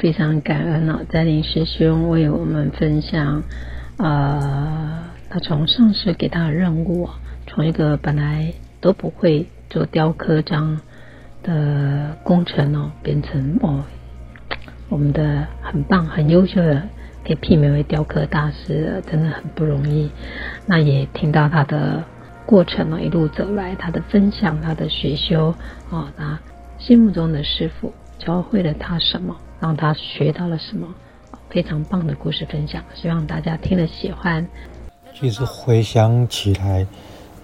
非常感恩、哦、在齋林師兄為我們分享，呃，他從上次給他的任務、哦，從一個本來都不會做雕刻章的工程哦，變成哦我們的很棒、很優秀的，可以媲美為雕刻大師、呃，真的很不容易。那也聽到他的過程哦，一路走來，他的分享、他的學修哦，他心目中的師父教會了他什麼？讓他學到了什麼，非常棒的故事分享，希望大家聽了喜歡。其實回想起來，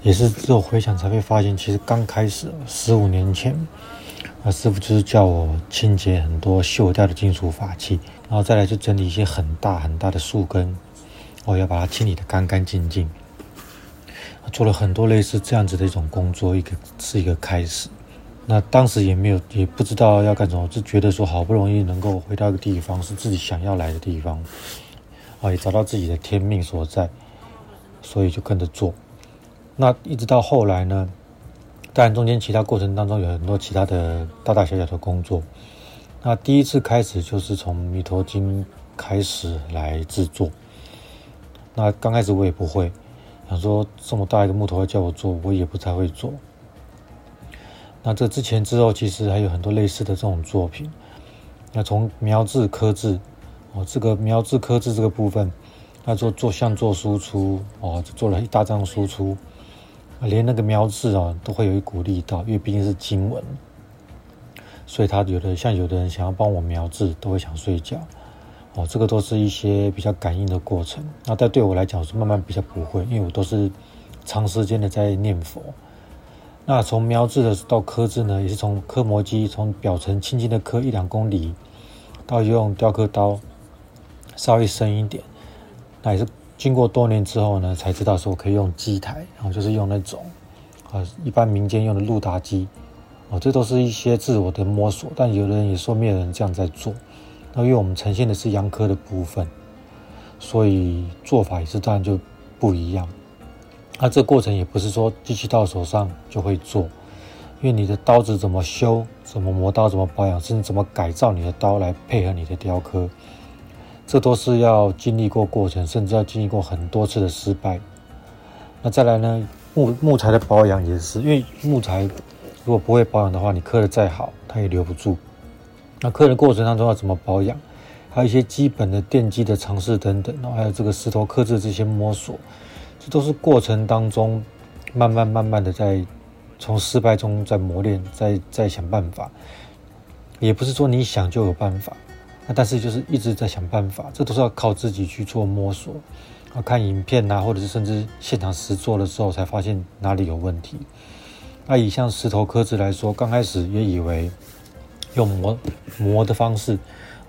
也是只有回想才會發現，其實剛開始十五年前，啊，師父就是叫我清潔很多銹掉的金屬法器，然後再來就整理一些很大很大的樹根，我要把它清理得乾乾淨淨。做了很多類似這樣子的一種工作，一個是一個開始。那當時也沒有，也不知道要幹什麼，就覺得說好不容易能夠回到一個地方，是自己想要來的地方，啊，也找到自己的天命所在，所以就跟着做。那一直到後來呢，但中間其他過程當中有很多其他的大大小小的工作。那第一次開始就是從彌陀經開始來製作。那剛開始我也不會，想說這麼大一個木頭要叫我做，我也不太會做。那這之前之後，其實還有很多類似的這種作品。那從描字刻字哦，這個描字刻字這個部分，那做做像做輸出哦，就做了一大張輸出，連那個描字啊、哦、都會有一股力道，因為畢竟是經文，所以他有的像有的人想要幫我描字，都會想睡覺哦。這個都是一些比較感應的過程。那但對我來講，是慢慢比較不會，因為我都是長時間的在念佛。那從描字的時候到刻字呢，也是從刻磨機從表層輕輕的刻一兩公釐，到用雕刻刀，稍微深一點。那也是經過多年之後呢，才知道說我可以用機台，然後就是用那種啊，一般民間用的路達機哦，這都是一些自我的摸索。但有的人也說沒有人這樣在做。那因為我們呈現的是陽刻的部分，所以做法也是當然就不一樣。那、啊、這個、過程也不是說機器到手上就會做，因為你的刀子怎麼修，怎麼磨刀，怎麼保養，甚至怎麼改造你的刀來配合你的雕刻，這都是要經歷過過程，甚至要經歷過很多次的失敗。那再來呢，木木材的保養也是，因為木材如果不會保養的話，你刻的再好，它也留不住。那刻的過程當中要怎麼保養，還有一些基本的電機的嘗試等等，還有這個石頭刻字這些摸索。這都是過程當中，慢慢慢慢的在從失敗中在磨練，在在想辦法，也不是說你想就有辦法，那但是就是一直在想辦法，這都是要靠自己去做摸索啊，看影片啊，或者是甚至現場實做了之後才發現哪裡有問題。那以像石頭刻字來說，剛開始也以為用磨磨的方式，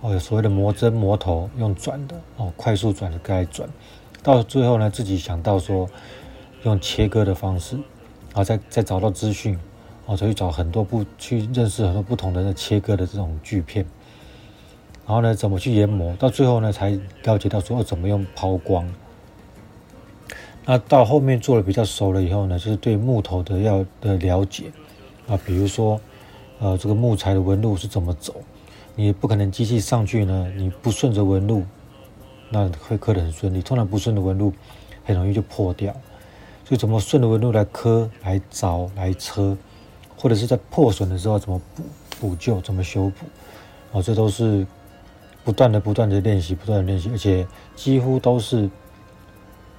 哦，有所謂的磨針磨頭，用轉的哦，快速轉的該轉。到最後呢，自己想到說用切割的方式，然後再再找到資訊，然後再去找很多不去認識很多不同的切割的這種鋸片，然後呢，怎麼去研磨？到最後呢，才了解到說要、哦、怎麼用拋光。那到後面做的比較熟了以後呢，就是對木頭的要的了解啊，比如說，呃，這個木材的紋路是怎麼走，你不可能機器上去呢，你不順着紋路。那會刻得很順利，通常不順的紋路很容易就破掉。所以怎麼順着紋路來刻、來鑿、來車，或者是在破損的時候怎麼補補救、怎麼修補，哦，這都是不斷的、不斷的練習、不斷的練習，而且幾乎都是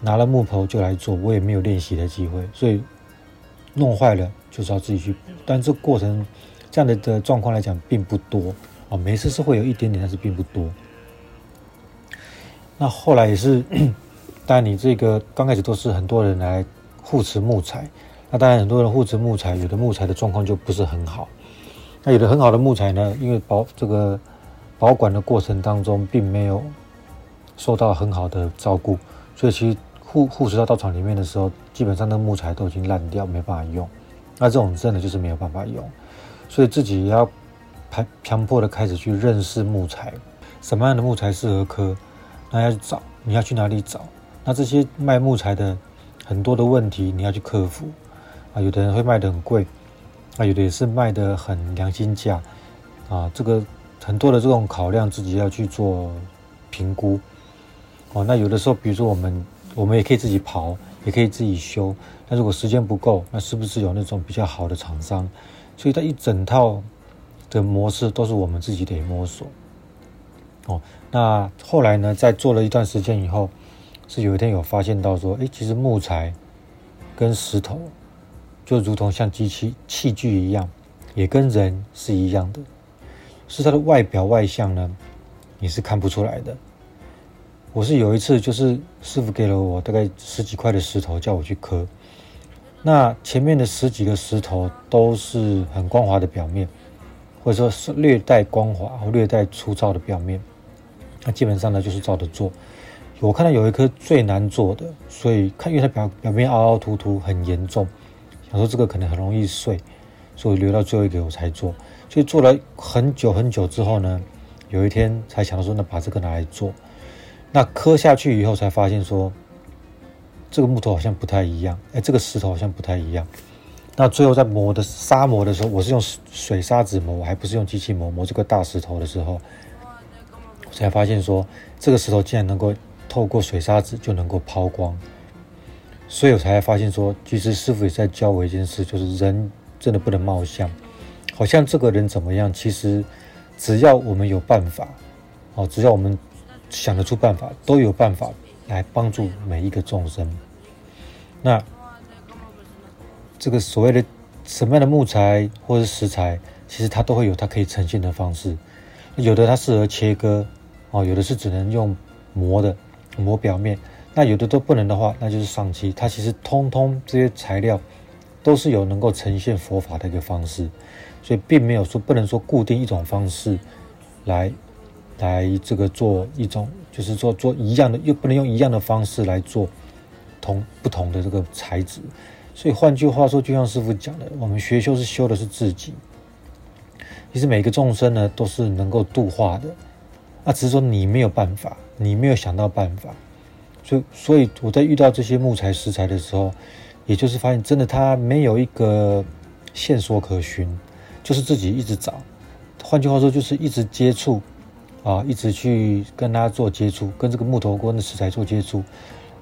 拿了木頭就來做，我也沒有練習的機會，所以弄壞了就是要自己去補。但這過程這樣的的狀況來講並不多，啊、哦，每次是會有一點點，但是並不多。那後來也是，當然你這個剛開始都是很多人來護持木材，那當然很多人護持木材，有的木材的狀況就不是很好，那有的很好的木材呢，因為保這個保管的過程當中並沒有受到很好的照顧，所以其實護護持到道場裡面的時候，基本上那木材都已經爛掉，沒辦法用。那這種真的就是沒有辦法用，所以自己要強強迫的開始去認識木材，什麼樣的木材適合刻。那要去找，你要去哪裡找？那這些賣木材的很多的問題，你要去克服啊。有的人會賣得很貴，啊，有的也是賣得很良心價啊。這個很多的這種考量，自己要去做評估。哦，那有的時候，比如說我們，我們也可以自己刨，也可以自己修。那如果時間不夠，那是不是有那種比較好的廠商？所以，它一整套的模式都是我們自己得摸索。哦，那後來呢？在做了一段時間以後，是有一天有發現到說，誒，其實木材跟石頭就如同像機器器具一樣，也跟人是一樣的，是它的外表外相呢，你是看不出來的。我是有一次，就是師父給了我大概十幾塊的石頭，叫我去刻。那前面的十幾個石頭都是很光滑的表面，或者說是略帶光滑或略帶粗糙的表面。那基本上呢，就是照着做。我看到有一顆最難做的，所以看因為它表表面凹凹凸凸很嚴重，想說這個可能很容易碎，所以我留到最後一個我才做。所以做了很久很久之後呢，有一天才想到說，那把這個拿來做。那磕下去以後才發現說，這個木頭好像不太一樣，哎，這個石頭好像不太一樣。那最後在磨的砂磨的時候，我是用水砂紙磨，我還不是用機器磨，磨這個大石頭的時候，才發現說，這個石頭竟然能夠透過水砂紙就能夠拋光，所以我才發現說，其實師父也是在教我一件事，就是人真的不能貌相，好像這個人怎麼樣，其實只要我們有辦法，哦，只要我們想得出辦法，都有辦法來幫助每一個眾生。那這個所謂的什麼樣的木材或者是石材，其實它都會有它可以呈現的方式，有的它適合切割。哦，有的是只能用磨的，磨表面；那有的都不能的話，那就是上漆。它其實通通這些材料都是有能夠呈現佛法的一個方式，所以並沒有說不能說固定一種方式來來這個做一種，就是說做一樣的，又不能用一樣的方式來做同不同的這個材質。所以換句話說，就像師父講的，我們學修是修的是自己，其實每個眾生呢都是能夠度化的。那、啊、只是說你沒有辦法，你沒有想到辦法，所以所以我在遇到這些木材石材的時候，也就是發現真的它沒有一個線索可循，就是自己一直找。換句話說，就是一直接觸，啊，一直去跟它做接觸，跟這個木頭鍋的石材做接觸，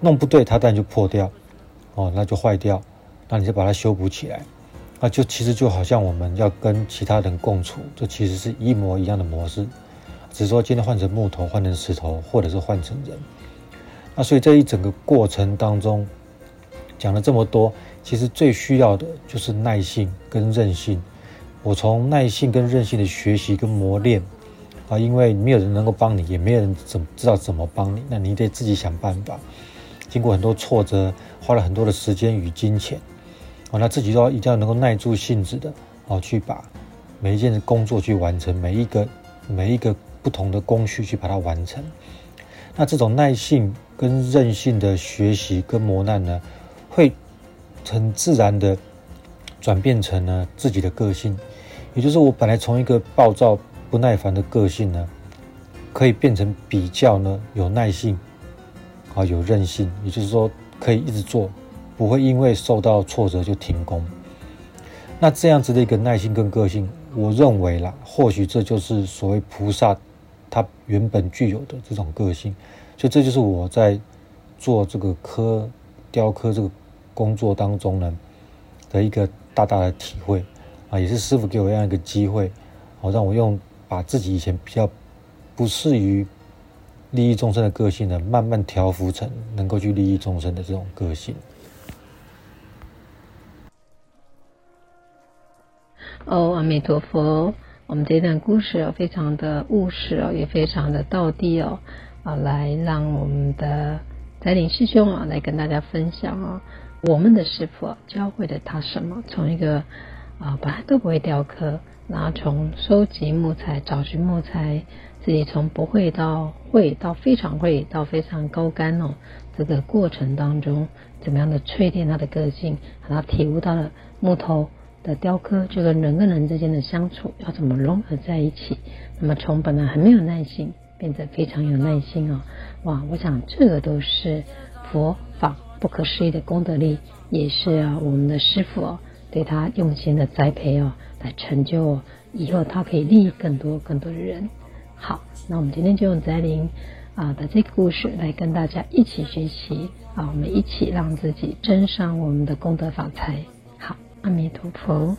弄不對它當然就破掉，哦，那就壞掉，那你就把它修補起來。那就其實就好像我們要跟其他人共處，這其實是一模一樣的模式。只是說今天換成木頭，換成石頭，或者是換成人。那所以這一整個過程當中，講了這麼多，其實最需要的就是耐性跟韌性。我從耐性跟韌性的學習跟磨練啊，因為沒有人能夠幫你，也沒有人怎知道怎麼幫你，那你得自己想辦法。經過很多挫折，花了很多的時間與金錢，啊，那自己都要一定要能夠耐住性子的啊，去把每一件工作去完成，每一個每一個。不同的工序，去把它完成，那這種耐性跟韌性的學習跟磨難呢，會很自然的轉變成呢自己的個性，也就是我本來從一個暴躁不耐煩的個性呢，可以變成比較呢有耐性啊、有韌性，也就是說可以一直做，不會因為受到挫折就停工。那這樣子的一個耐性跟個性，我認為啦，或許這就是所謂菩薩。他原本具有的這種個性，所以這就是我在做這個刻雕刻這個工作當中呢的一個大大的體會啊，也是師父給我這樣一個機會，好、啊、讓我用把自己以前比較不適於利益眾生的個性呢，慢慢調伏成能夠去利益眾生的這種個性。哦，阿彌陀佛。我們這一段故事哦，非常的務實哦，也非常的道地哦，啊，來讓我們的齋林師兄啊，來跟大家分享啊、哦，我們的師父教會的他什麼？從一個啊本來都不會雕刻，然後從收集木材、找尋木材，自己從不會到會到非常會到非常高幹哦，這個過程當中，怎麼樣的淬煉他的個性，讓他體悟到了木頭。的雕刻就個、是、人跟人之間的相處要怎麼融合在一起？那麼從本來很沒有耐心，變得非常有耐心哦，哇！我想這個都是佛法不可思議的功德力，也是啊我們的師父、哦、對他用心的栽培哦，來成就以後他可以利益更多更多的人。好，那我們今天就用齋林啊的這個故事來跟大家一起學習啊，我們一起讓自己增上我們的功德法財。阿彌陀佛。